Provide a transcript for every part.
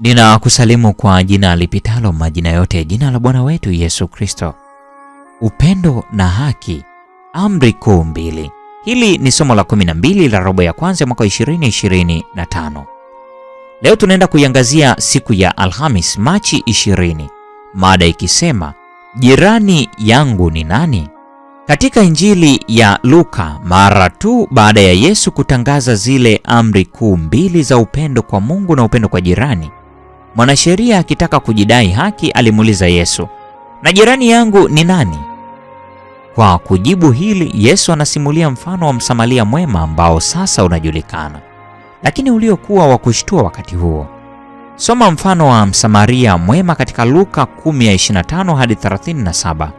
Ninakusalimu kwa jina lipitalo majina yote, jina la Bwana wetu Yesu Kristo. Upendo na haki, amri kuu mbili. Hili ni somo la 12 la robo ya kwanza mwaka 2025. Leo tunaenda kuiangazia siku ya Alhamis, Machi 20, mada ikisema jirani yangu ni nani? Katika Injili ya Luka, mara tu baada ya Yesu kutangaza zile amri kuu mbili za upendo kwa Mungu na upendo kwa jirani, Mwanasheria akitaka kujidai haki alimuuliza Yesu, na jirani yangu ni nani? Kwa kujibu hili, Yesu anasimulia mfano wa Msamaria mwema ambao sasa unajulikana, lakini uliokuwa wa kushtua wakati huo. Soma mfano wa Msamaria mwema katika Luka 10:25 hadi 37.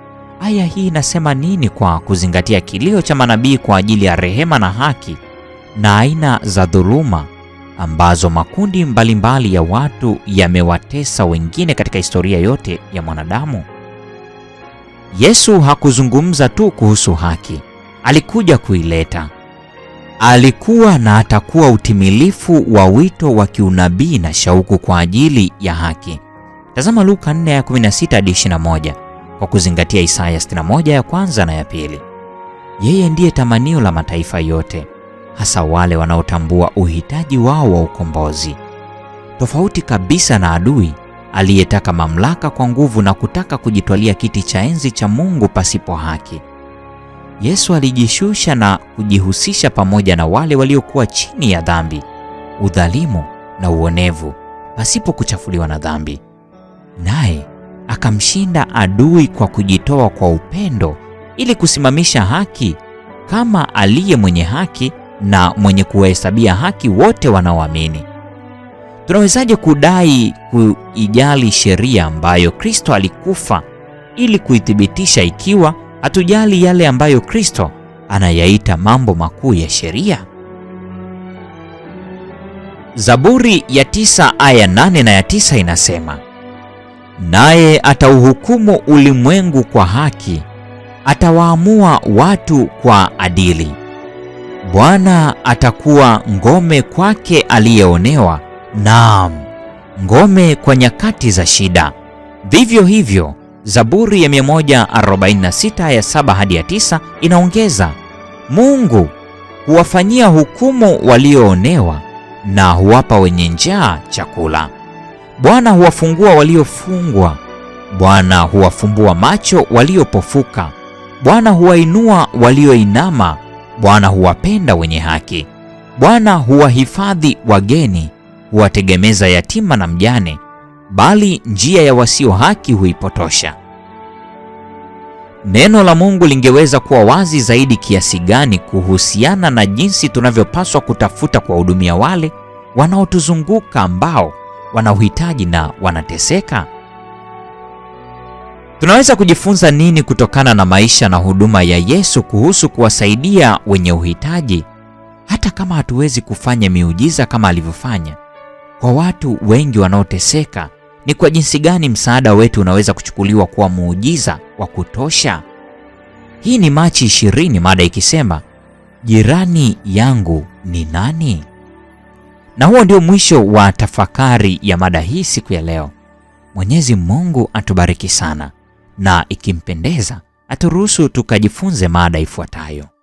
Aya hii inasema nini kwa kuzingatia kilio cha manabii kwa ajili ya rehema na haki na aina za dhuluma ambazo makundi mbalimbali mbali ya watu yamewatesa wengine katika historia yote ya mwanadamu. Yesu hakuzungumza tu kuhusu haki, alikuja kuileta. Alikuwa na atakuwa utimilifu wa wito wa kiunabii na shauku kwa ajili ya haki. Tazama Luka 4:16 hadi 21 kwa kuzingatia Isaya 61 ya kwanza na ya pili. Yeye ndiye tamanio la mataifa yote hasa wale wanaotambua uhitaji wao wa ukombozi, tofauti kabisa na adui aliyetaka mamlaka kwa nguvu na kutaka kujitwalia kiti cha enzi cha Mungu pasipo haki. Yesu alijishusha na kujihusisha pamoja na wale waliokuwa chini ya dhambi, udhalimu na uonevu, pasipo kuchafuliwa na dhambi. Naye akamshinda adui kwa kujitoa kwa upendo ili kusimamisha haki kama aliye mwenye haki na mwenye kuwahesabia haki wote wanaoamini. Tunawezaje kudai kuijali sheria ambayo Kristo alikufa ili kuithibitisha ikiwa hatujali yale ambayo Kristo anayaita mambo makuu ya sheria? Zaburi ya tisa aya nane na ya tisa inasema, naye atauhukumu ulimwengu kwa haki, atawaamua watu kwa adili. Bwana atakuwa ngome kwake aliyeonewa, naam, ngome kwa nyakati za shida. Vivyo hivyo, Zaburi ya 146 ya 7 hadi ya 9 inaongeza, Mungu huwafanyia hukumu walioonewa na huwapa wenye njaa chakula. Bwana huwafungua waliofungwa, Bwana huwafumbua macho waliopofuka, Bwana huwainua walioinama Bwana huwapenda wenye haki, Bwana huwahifadhi wageni, huwategemeza yatima na mjane, bali njia ya wasio haki huipotosha. Neno la Mungu lingeweza kuwa wazi zaidi kiasi gani kuhusiana na jinsi tunavyopaswa kutafuta kuwahudumia wale wanaotuzunguka ambao wana uhitaji na wanateseka? Tunaweza kujifunza nini kutokana na maisha na huduma ya Yesu kuhusu kuwasaidia wenye uhitaji, hata kama hatuwezi kufanya miujiza kama alivyofanya? Kwa watu wengi wanaoteseka, ni kwa jinsi gani msaada wetu unaweza kuchukuliwa kuwa muujiza wa kutosha? Hii ni Machi 20, mada ikisema jirani yangu ni nani? Na huo ndio mwisho wa tafakari ya mada hii siku ya leo. Mwenyezi Mungu atubariki sana na ikimpendeza aturuhusu tukajifunze mada ifuatayo.